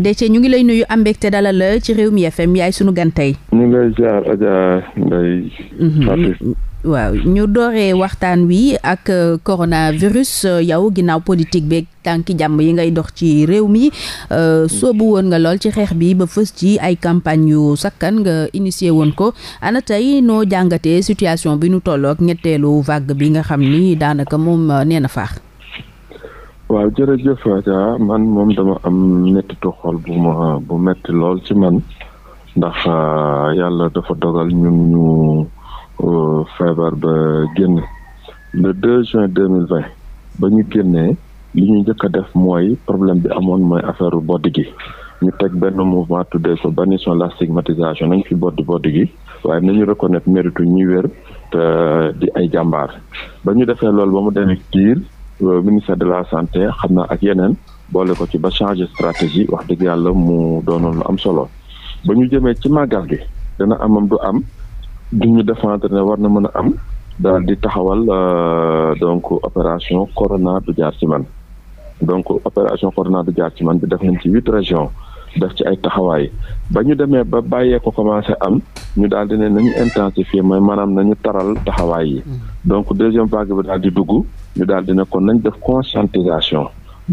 Déthié ñu ngi lay nuyu am mbégte dalal la ci Rewmi FM yaay sunu gan tey. ñu ngi lay ziar Adja mhm. waaw ñu dooree waxtaan wi ak euh, coronavirus euh, yow ginnaaw politique beeg tànki jàmm yi ngay dox ci réew mi euh, soobu woon nga lool ci xeex bi ba fës ci ay campagne yu sakkan nga initié woon ko ana tey noo jàngatee situation bi nu tollook ñetteelu vague bi nga xam ni daanaka moom nee na faax. waaw jërëjëf Adja man moom dama am mettitu xol bu ma bu metti lool ci man ndax euh, yàlla dafa dogal ñun ñu euh, feebar ba génn le 2 juin 2020 ba ñu génnee li ñu njëkk a def mooy problème bi amoon mooy affaire u bodd gi ñu teg benn mouvement tuddee ko bannissons la stigmatisation nañ fi bodd bodd gi waaye nañu reconnaître méritu ñi wér te euh, di ay jàmbaar ba ñu defee loolu ba mu demee kiir Euh, ministère de la santé xam na ak yeneen boole ko ci ba changer stratégie wax dëgg yàlla mu doonoon lu am solo ba ñu jëmee ci màggal gi dana amam du am du ñu défendre ne war na mën a am daal di taxawal euh, donc opération corona du jaar ci man donc opération corona du jaar ci man bi def nañ ci huit région def ci ay taxawaay ba ñu demee ba bàyyee ko commencé am ñu daal di ne nañu intensifier mooy maanaam nañu taral taxawaay yi mm. donc deuxième vague bi daal di dugg ñu daal dina kon nañ def conscientisation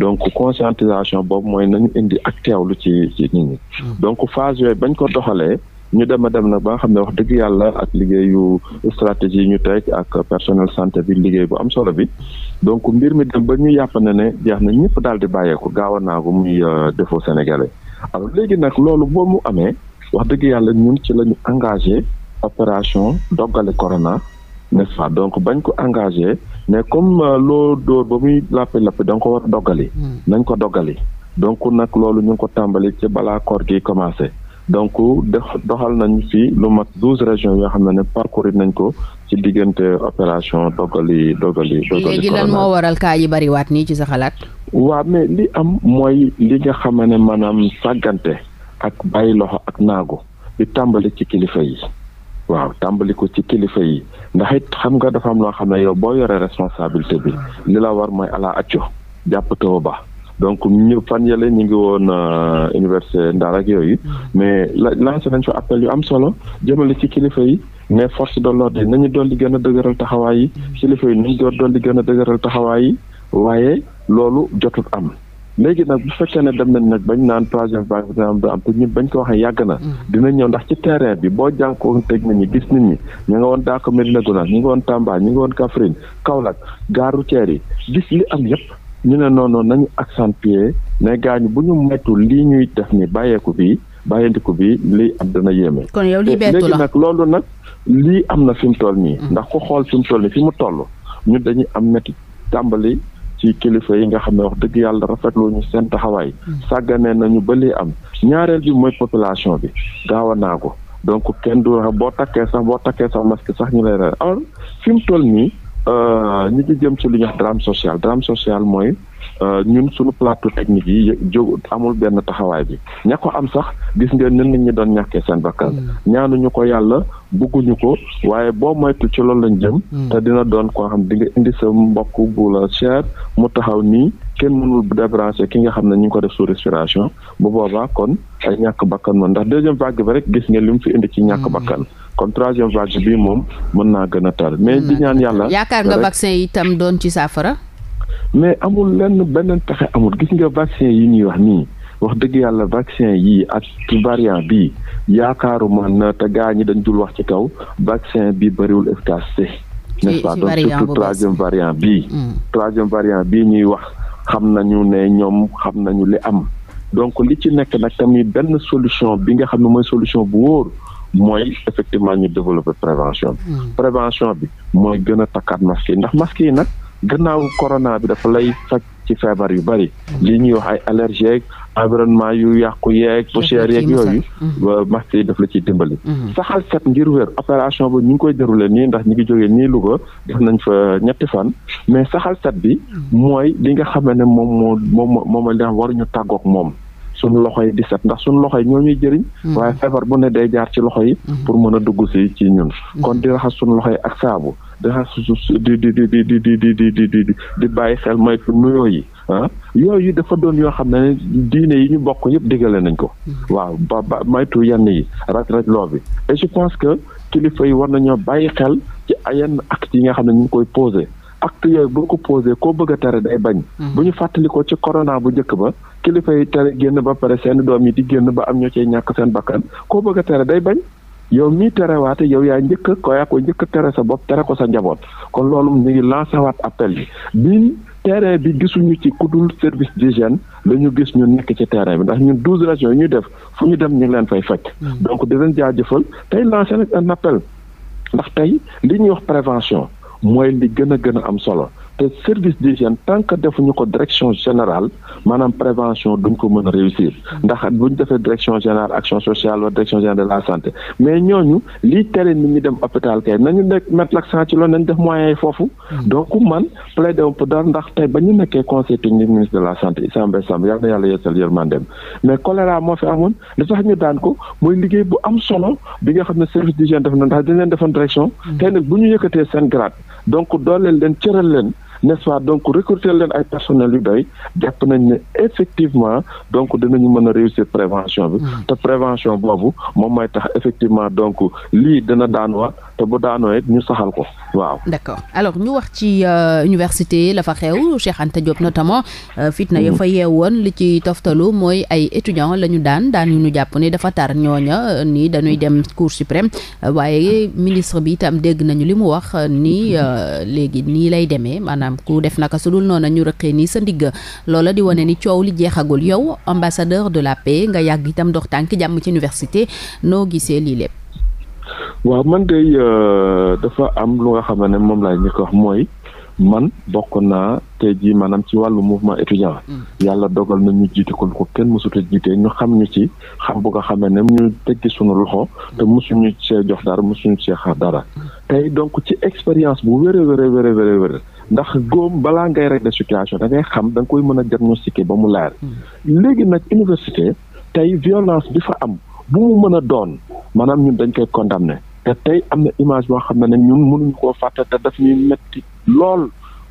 donc conscientisation boobu mooy nañu indi ak teewlu ci ci hmm. donc phase yooyu bañ ko doxalee. ñu dem a dem nag ba xam ne wax dëgg yàlla ak liggéeyu stratégie yi ñu teg ak personnel santé bi liggéey bu am solo bi donc mbir mi dem ba ñu yàpp na ne jeex nañ ñëpp daal di bàyyeeku gaaw a naagu muy euh, defoo sénégalais alors léegi nag loolu boo mu amee wax dëgg yàlla ñun ci lañu ñu engagé opération doggale corona n'est-ce pas donc bañ ko engagé mais comme euh, loo dóor ba muy lappi lappi da ko war a doggali hmm. nañ ko doggali donc nag loolu ñu ko tàmbali ci balaa koor gi commencé donc doxal nañ fi lu mat douze régions yoo xam na ne parcourir nañ ko ci diggante opération dogali dogali dogali léegi lan moo waral kaa yi bariwaat nii ci sa xalaat waaw mais li am mooy li nga xam ne maanaam sàggante ak bàyyi loxo ak naagu tàmbali ci kilifa yi waaw tàmbali ko ci kilifa yi ndax it xam nga dafa am loo xam ne yow boo yoree responsabilité bi li la war mooy ala acco jàpp taw ba donc ñu fan yële ñu ngi woon euh, université Ndar ak yooyu mais lancé nañ fa appel yu am solo jëmale ci kilifa yi mais force de l'ordre yi nañu dolli gën a dëgëral taxawaay yi kilifa yi nañu dolli gën a dëgëral taxawaay yi waaye loolu jotut am léegi nag bu fekkee ne dem nañ nag bañ naan troisième vague dina am du am te ñun bañ ko waxee yàgg na mm-hmm. dina ñëw ndax ci terrain bi boo jànkoo teg nit ñi gis nit ñi ñu nga woon Daaka Medina Gounass ñu nga woon Tamba ñu nga woon Kaffrine Kaolack gare routière yi gis li am yépp ñu ne noonu nañu accentuer ne gaañu bu ñu moytu lii ñuy def ni bàyyeeku bii bàyyandiku bi lii am dana yéeme kon léegi nag loolu nag lii am na fi mu toll nii mm-hmm. ndax ku xool fi mu toll nii fi mu toll ñun dañuy am métti tàmbali ci kilifa yi nga xam ne wax dëgg yàlla rafetlu ñu seen taxawaay hmm. sàggane nañu ba lii am ñaareel bi mooy population bi gaaw a naa ko donc kenn du wax boo takkee sax boo takkee sax masque sax ñu lay re alors fi mu toll nii euh, ñu ngi jëm ci li ñuy wax drame social drame social mooy Euh, ñun suñu plateau technique yi jóg amul benn taxawaay bi ña ko am sax gis ngeen nen nit ñi doon ñàkkee seen bakkan mm. ñu ko yàlla bëgguñu ko waaye boo moytu ci loolu lañ jëm mm. te dina doon koo xam di nga indi sa mbokk bu la cher mu taxaw nii kenn mënul débranché ki nga xam ne ñu ngi ko def sous respiration bu boobaa kon ay ñàkk bakkan moom ndax deuxième vague bi rek gis ngeen li mu fi indi ci ñàkk mm. bakkan kon troisième vague bii moom mën naa gën a tar mais di ñaan yàlla yaakaar nga vaccin mais amul lenn benn pexe amul gis nga vaccin yi ñuy wax nii wax dëgg yàlla vaccin yi ak variant bi yaakaaruma na te gaa ñi dañ dul wax ci kaw vaccin bi bëriwul efficacité n'est-ce pas donc surtout variant bii troisième variant bii mm. ñuy wax xam nañu ne ñoom xam nañu li am donc li ci nekk nag tamit benn solution bi nga xam ne mooy solution bu wóor mooy effectivement ñu développer prévention bi mm. prévention bi mooy gën a takkaat masque ndax masque nag gannaaw corona bi dafa lay faj ci feebar yu bari li ñuy wax ay allergique environnement yu yàqu yeeg poussière yeeg yooyu mhm. masque yi daf la ciy dimbali mhm. saxal set ngir wér opération ba ñu ngi koy déroulé nii ndax ñu ngi jógee nii Louga def nañ fa ñetti fan mais saxal set bi mhm. mooy li nga xam ne moom moo moom moom li nga xam waruñu tàggoog moom suñu loxo yi di set ndax suñ loxo yi ñoo ñuy jëriñ waaye feebar bu ne day jaar ci loxo yi pour mën a dugg si ci ñun kon di raxas suñu loxo yi ak saabu di raxas di di di di di di di di di di bàyyi xel moytu nuyoo yi ah yooyu dafa doon yoo xam ne diine yi ñu bokk yëpp digale nañ ko waaw ba ba yenn yi raj raj loo bi et je pense que kilifa yi war nañoo bàyyi xel ci yenn actes yi nga xam ne ñu ngi koy posé acte yooyu bu ko posé koo bëgg tere day bañ. Mhm. bu ñu fàttalikoo ci corona bu njëkk ba kilifa yi tere génn ba pare seen doom yi di génn ba am ñoo cee ñàkk seen bakkan koo bëgg tere day bañ. yow mii waate yow yaa njëkk a ko yaa ko njëkk a tere sa bopp tere ko sa njaboot kon loolu ñu ngi lancé waat appel yi bii terrain bi gisuñu ci kudul service d'hygiène la ñu gis ñu nekk ci terrain bi ndax ñun douze régions yi ñu def fu ñu dem ñu ngi leen fay fekk. Mhm. donc di leen jaajëfal tey lancé nag un appel ndax tey li ñuy wax prévention. mooy li gën a gën am solo te service d'hygiène tant que defuñu ko direction général maanaam prévention duñ ko mën a réussir ndax bu buñ defee direction générale action sociale wala direction générale de la santé mais ñooñu lii tere nit ñu dem hôpital kay nañu nekk mettre l'accent ci loolu nañ def moyens yi foofu. Hmm. donc man plaidé wu pour ndax tey ba ñu nekkee conseil technique ministre de la santé Issa Mbaye Samb yal na yàlla yeesal yërmandeem mais choléra moo ñu daan ko mooy liggéey bu am solo bi nga xam ne service d'hygiène def na leen defoon direction. Hmm. tey bu ñu yëkkatee seen grade. donc dooleel leen cëral leen n'est-ce pas donc recruter leen ay personnel yu doy jàpp nañ ne effectivement donc dinañu mën a réussir prévention bi hmm. te prévention boobu moom mooy tax effectivement donc lii dina daanuwaat te bu daanoo ñu saxal ko waaw. d'accord alors ñu wax ci euh, université la fa xew Cheikh jot Diop notamment euh, fitna ya hmm. fa yeewoon li ci toftalu mooy ay étudiants la ñu daan daan yu ñu jàpp ni dafa tar ñooña euh, ni dañuy hmm. dem cour suprême waaye ministre bi itam dégg nañu li mu wax ni léegi nii lay demee maanaam ku def naka su dul noonu ñu rëqee nii sa ndigg loola di wane ni coow li jeexagul yow ambassadeur de la paix nga yàgg itam dox tànk jàmm ci université noo gisee lii lépp. waaw man de euh, dafa am lu nga xam ne moom laa ñu ko wax mooy man bokk naa te jii maanaam ci wàllu mouvement étudiant. Mm. yàlla dogal na ñu jiite ko lu ko kenn mësut jiite ñu xam ñu ci xam bu nga xam ne ñu teggi suñu loxo. te mësuñu see jox dara mësuñu see xaar dara. Mm. tey donc ci expérience a wér ndax góom balaa ngay de situation da ngay xam da koy mën a diagnostiquer ba mu laar hmm. léegi nag université tey violence bi fa am bu mu mën a doon maanaam ñun dañ koy condamner te tey am na image boo xam ne ne ñun mënuñu koo fàtte te daf ñuy metti lool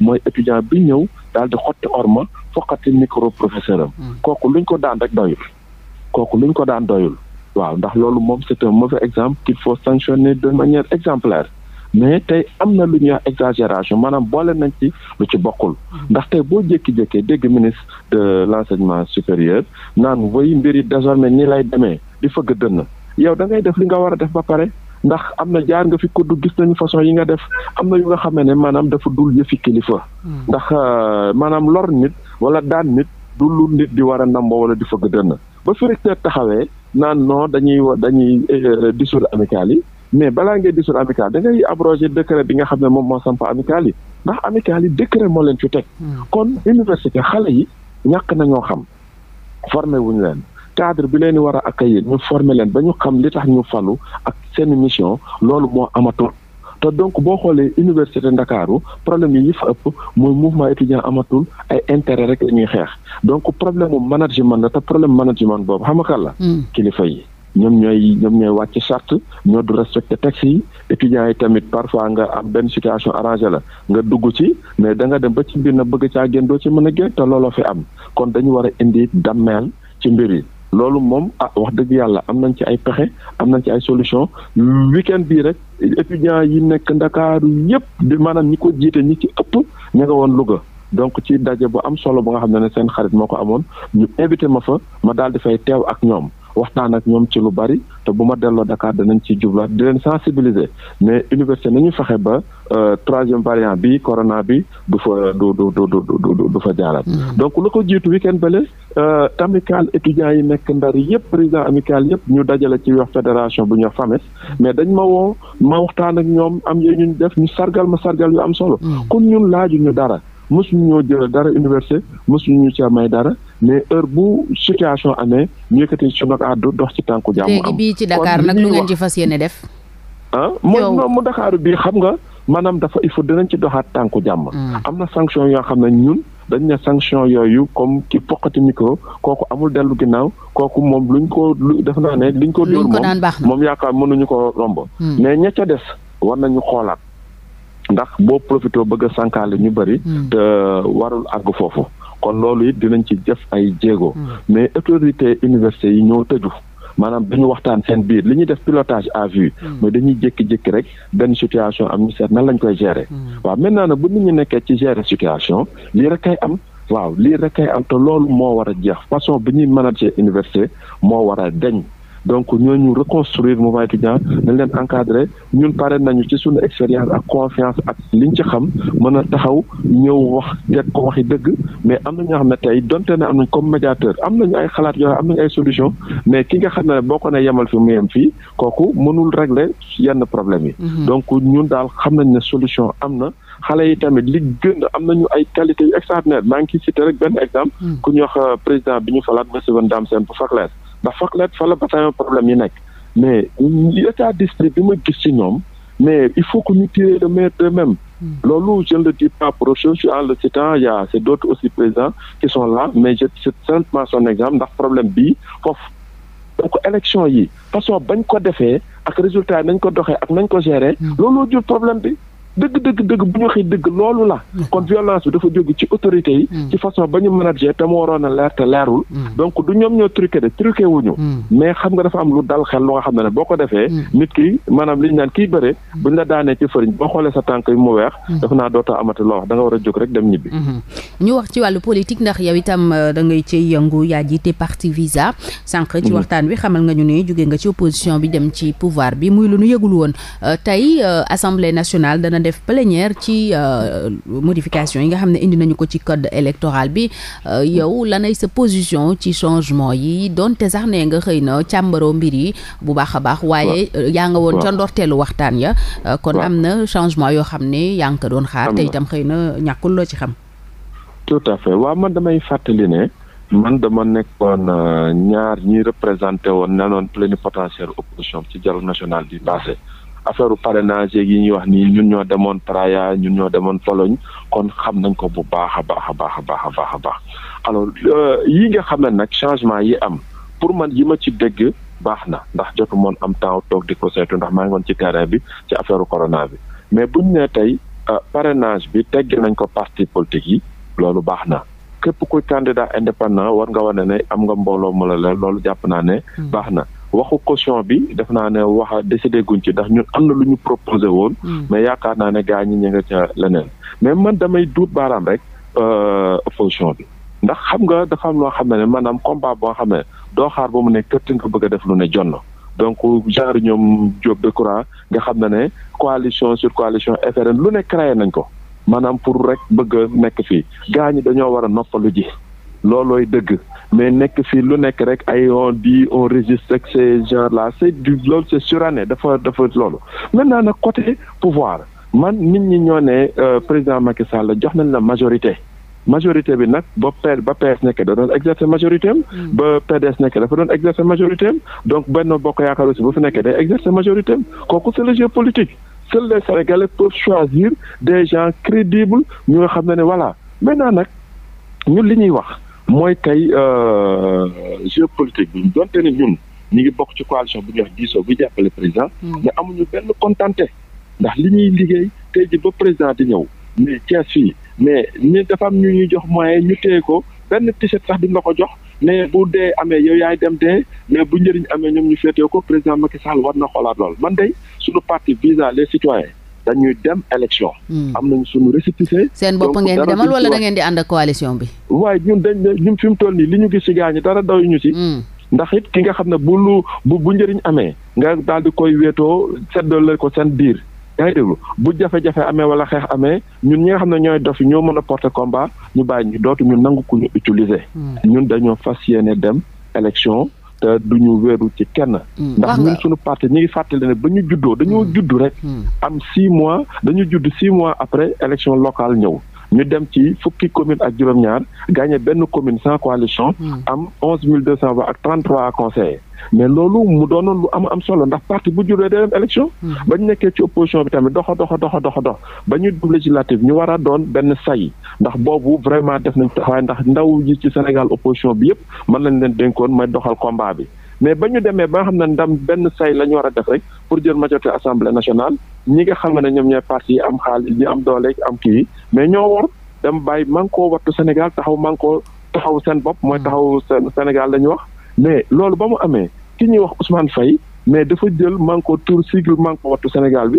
mooy étudiant bi ñëw daal di xotti orma foqati micro professeur am hmm. kooku luñ ko daan rek doyul kooku luñ ko daan doyul waaw ndax loolu moom c'est un mauvais exemple qu'il faut sanctionner de manière exemplaire mais tey am na lu ñuy wax exagération maanaam boole nañ ci lu ci bokkul mm-hmm. ndax tey boo jékki-jékkee dégg ministre de l'enseignement supérieur naan way mbir yi désormais nii lay demee di fëgg dënn yow da ngay def li nga war a def ba pare ndax am na jaar nga fi kuddu gis nañu façon yi nga def am na yu nga xamee ne maanaam dafa dul yëfi kilifa. Mm-hmm. ndax euh, maanaam lor nit wala daan nit du lu nit di war a namboo wala di fëgg dënn ba fi taxawee naan non dañuy dañuy euh, dissoudre amicale yi mais balaa ngee dissoudre amicale da ngay abroger décret bi nga xam ne moom moo samp amicale yi ndax amicale yi décret moo leen ci teg. Hmm. kon université xale yi ñàkk nañoo xam formé wuñu leen. cadre bi leen war a accueillir ñu former leen ba ñu xam li tax ñu falu ak seen mission loolu moo amatul. te donc boo xoolee université ndakaaru problème yi ñu fa ëpp mooy mouvement étudiant amatul ay intérêt rek la ñuy xeex donc problème mu management la te problème management boobu xam nga la. Hmm. kilifa yi. ñoom ñooy ñoom ñooy wàcc charte ñoo du respecté texte yi étudiants yi tamit parfois nga am benn situation arrangée la nga dugg ci mais da nga dem ba ci mbir na bëgg caa génn doo ci mën a génn looloo fi am kon dañu war a indi dammeel ci mbir yi loolu moom ah wax dëgg yàlla am nañ ci ay pexe am nañ ci ay solution weekend bii rek étudiants yi nekk ndakaaru yëpp di maanaam ñi ko jiite ñi ci ëpp ña woon Louga donc ci daje bu am solo bu nga xam ne ne seen xarit moo ko amoon ñu invité ma fa ma daal di fay teew ak ñoom waxtaan ak ñoom ci lu bari te bu ma delloo Dakar danañ ci jublaat di leen sensibiliser mais université nañu fexe ba euh, troisième variant bi corona bi du fa du du du du du fa jaaraat. Mm. donc lu ko jiitu week-end bële euh, amical étudiants yi nekk ndar yëpp président amical yëpp ñu dajale ci wax fédération bu ñu wax FAMES mais dañ ma woo ma waxtaan ak ñoom am yooyu ñu def ñu sargal ma sargal yu am solo. Mm. kon ñun laajuñu dara. mësuñu ñoo jël dara université mësuñu ñu cee may dara mais heure bu situation amee ñu yëkkati suñu àddu dox ci tànku jàmm am léegi bii ci Dakar nag lu ngeen ci fas yéene def. ah mooy moom mu Dakar bii xam nga maanaam dafa il faut dinañ ci doxaat tànku jàmm. Hmm. am na sanction yoo xam ne ñun. dañ ne sanction yooyu comme ki poqati micro kooku amul dellu ginnaaw kooku moom luñ ko lu def naa ne liñ ko dóor moom moom yaakaar mënuñu ko romb hmm. mais ña ca des war nañu xoolaat ndax boo profité bëgg a sànkaale ñu bëri. Hmm. te warul àgg foofu. kon loolu it dinañ ci def ay jéego. Hmm. mais autorité université yi ñoo tëju. maanaam dañu waxtaan seen biir li ñuy def pilotage à vue hmm. mais dañuy jékki-jékki rek dañ situation am ñu seet nan lañ koy gérer. waaw maintenant nag bu nit ñu nekkee ci gérer situation lii rek kay am. waaw lii rek ay am te loolu moo war a jeex façon bi ñuy manager université moo war a deñ donc ñooñu reconstruire mouvement étudiant dañ leen encadré ñun pare nañu ci suñu expérience ak confiance ak liñ ci xam mën a taxaw ñëw wax teg ko waxi dëgg mais am na ñoo xam ne tey donte ne am nañ comme médiateur am nañu ay xalaat yoo am nañu ay solution mais ki nga xam ne boo ko ne yemal fi mu fii kooku mënul régler yenn problème yi mhm. donc ñun daal xam nañ ne solution am na xale yi tamit li gën am ñu ay qualité yu extraordinaire maa ngi ciy cité rek benn exemple mhm. ku ñu wax euh, président bi ñu falaat monsieur Van Dam Sène bu Fakleer ndax forklift fa la bassin problème yi nekk mais état d'esprit bi ma gis ci ñoom mais il faut que ñu tirer le meilleur d'eux-mêmes hmm. loolu je ne le dis pas pour autre chose en le citant il y a c'est d'autres aussi présents qui sont là mais je cite simplement son exemple ndax problème bii foofu donc élection yi façon bañ ko defee ak résultat yi nañ ko doxee ak nañ ko gérer hmm. looloo jur problème bi dëgg dëgg dëgg bu ñu waxee dëgg loolu la. kon violence bi dafa jóge ci autorité yi. Hmm. ci façon ba ñu manager te mu waroon a leer te leerul. Hmm. donc du ñoom ñoo truqué de truqué hmm. mais xam nga dafa am lu dal xel lu nga xam ne ne boo ko defee. nit ki maanaam li naan kii bëre bu ñu la daanee ci fëriñ boo xoolee sa tànk yi mu weex. dafa naa dootoo amati loo wax da nga a jóg rek dem ñibbi. ñu wax ci wàllu politique ndax yow itam euh, da ngay ciy yëngu yaa jiite parti visa sànq ci waxtaan wi xamal nga def plénière ci euh, modification yi nga xam ne indi nañu ko ci code électoral bi euh, yow lanay sa position ci changement yi donte sax nee nga xëy na càmbaroo mbir yi bu baax a baax. waaye euh, yaa nga woon ca ndorteelu waxtaan ya. kon am na changement yoo xam ne yaa ngi ko doon xaar. te itam xëy na ñàkkul loo ci xam. tout à fait waaw man damay fàttali ne. man dama nekkoon ñaar ñi représenté woon nenoon plénipotentiaire opposition ci dialogue national bi passé affaire parrainage yi ñuy wax nii ñun ñoo demoon Praia ñun ñoo demoon Pologne kon xam nañ ko bu baax a baax a baax a baax a baax alors euh, yi nga xam nag changement yi am pour man yi ma ci dégg baax na ndax jotu moon am temps toog di ko seetu ndax maa ngi woon ci terrain bi ci affaire corona bi mais buñ ne tey euh, parenage bi tegg nañ ko parti politique yi loolu baax na képp kuy candidat indépendant war nga wane ne am nga mbooloo mu la loolu jàpp naa ne hmm. baax na waxu caution bi def naa ne waxa décidé guñ ci ndax ñun am na lu ñu proposé woon. Hmm. mais yaakaar naa ne gaa ñi ñu nga ca leneen. mais man damay duut baaraam rek caution euh, bi ndax xam nga dafa am loo xam ne maanaam combat boo xam ne doo xaar ba mu ne kër nga bëgg a def lu ne jonn donc genre ñoom Diop de courant nga xam ne ne coalition sur coalition FRN lu ne créé nañ ko maanaam pour rek bëgg a nekk fii gaa ñi dañoo war a noppalu ji loolooy dëgg mais nekk fii lu nekk rek ay on dit on registre ak la gens là c' est du loolu c' est suranné dafa dafa loolu maintenant nag côté pouvoir man nit ñi ñoo ne euh, président Macky Sall jox nañ la majorité majorité bi nag ba P ba PS nekk da doon exercer majorité am. Mm. ba PDS nekk dafa doon exercer majorité donc benn Bokk Yaakaar si bu fi nekkee day exercer majorité kooku c' est le jeu politique seuls choisir des gens crédibles ñu nga xam ne ne voilà maintenant nag ñun li ñuy wax. mooy tey géopolitique euh, bi donte ne ñun ñu ngi bokk ci coalition bu ñuy wax diisoo bu jàppale président. Hmm. mais amuñu benn kontante ndax li ñuy liggéey tey ji ba président di ñëw mais Thiès fii mais ñi dafa am ñu ñuy jox moyen ñu téye ko benn t-shirt sax duñ la ko jox. mais bu dee amee yow yaay dem dee mais bu njëriñ amee ñoom ñu féetee ko président ma Macky Sall war na xoolaat lool man day suñu parti visa les citoyens dañuy dem élection. Hmm. am nañ suñu récépissé. seen bopp ngeen di demal wala da ngeen di ànd ak coalition bi. waaye ñun dañ ñun fi mu toll nii li ñu gis ci gaañ dara daw ñu ci. Hmm. ndax it ki nga xam ne bu lu bu bu njëriñ amee nga daal di koy wéetoo seddale ko seen biir. bu jafe-jafe amee wala xeex amee ñun ñi nga xam ne ñooy dof ñoo mën a porter combat ñu bàyyi ñu dootu ñu nangu ku ñu utiliser. Hmm. ñun dañoo fas yéene dem élection. du ñu wéeru ci kenn. Hmm. ndax ñun suñu parti ñu ngi fàttali ne ba ñu juddoo dañoo hmm. juddu rek. Hmm. am six mois dañu juddu six mois après élection locale ñëw. ñu dem ci fukki commune ak juróom-ñaar gagné benn commune sans coalition. Hmm. am onze mille deux cent vingt ak trente trois conseillers. mais loolu mu doon lu am am solo ndax parti bu juree day dem élection. Hmm. ba ñu nekkee ci opposition bi tamit dox dox dox dox dox ba ñu dugg législative ñu war a doon benn say ndax boobu vraiment def nañ taxawaay ndax ndaw yi ci Sénégal opposition bi yëpp mën lañ leen dénkoon may doxal combat bi mais ba ñu demee ba xam ne ndam benn say la ñu war a def rek pour jël majorité assemblée nationale. ñi nga xam ne ñoom ñooy parti yi am xaalis ñi am doole am kii mais ñoo war dem bàyyi mànkoo wattu Sénégal taxaw mànkoo taxaw seen bopp mooy mm. taxaw seen Sénégal la wax mais loolu ba mu amee ki ñuy wax Ousmane Faye mais dafa jël mànkoo tour sigle mànkoo wattu Sénégal bi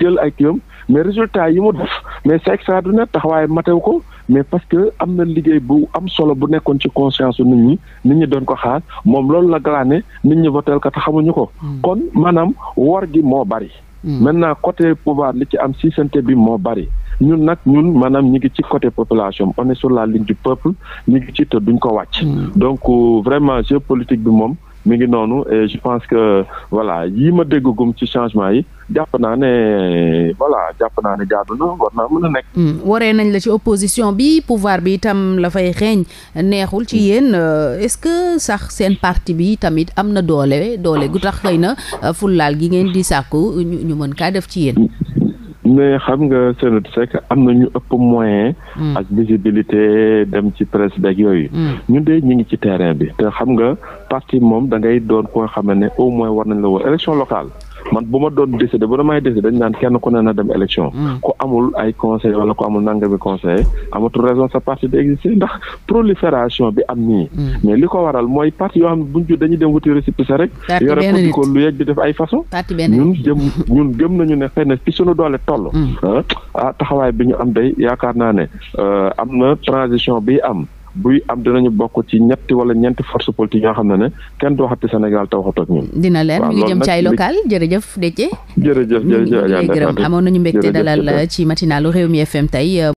jël ay kiyam mais résultat yi mu def mais c'est extraordinaire taxawaay matew ko mais parce que am na liggéey bu am solo bu nekkoon ci conscience nit ñi nit ñi doon ko xaar moom loolu la galaane nit ñi voteel ko te xamuñu ko mm. kon maanaam wor gi moo bari Hmm. maintenant côté pouvoir li ci am siisante bi moo bari ñun nag ñun maanaam ñi ngi ci côté population on est la ligne du peuple ñi ngi ci te duñ ko wàcc. Hmm. donc euh, vraiment géopolitique bi moom mi ngi noonu et je pense que voilà yii ma déggagum ci changement yi. jàpp naa ne voilà jàpp naa ne jaadu war naa mën a nekk. Hmm. waree nañ la ci opposition bi pouvoir bi itam la fay xeeñ neexul ci hmm. yéen euh, est-ce que sax seen parti bi tamit am na doole doole gu tax xëy na euh, fullaal gi ngeen di sàkku ñu mën kaa def ci yéen. mais xam nga Seydou Seck am na ñu ëpp moyen. Hmm. ak visibilité dem ci presse beeg yooyu. ñun de ñu ngi ci terrain bi te xam nga parti moom da ngay doon koo xam ne au moins war nañ la woo élection locale. man bu ma doon décider bu damay décider dañ naan kenn ku ne na dem élection. Hmm. ku amul ay conseil wala ku amul nangami conseil amatul raison sa parti di exister ndax prolifération bi am nii. Hmm. mais li ko waral mooy parti yoo xam ne buñ ju dañuy dem wuti récépissé rek. yore ko di ko lu yegg di def ay façon. ñun jëm ñun gëm nañu ne xëy na fi suñu doole toll. Hmm. Ah, taxawaay bi ñu am day yaakaar naa ne euh, am na transition bi am. buy am dinañu bokk ci ñetti wala ñeenti force politique yoo xam ne ne kenn du waxati Sénégal ak ñun. dina leer ñu ngi jëm ci ay jërëjëf Déthié. jërëjëf jërëjëf Adja Ndeye Fatou amoon nañu mbégte dalal ci matinalu Rewmi FM tey. Euh,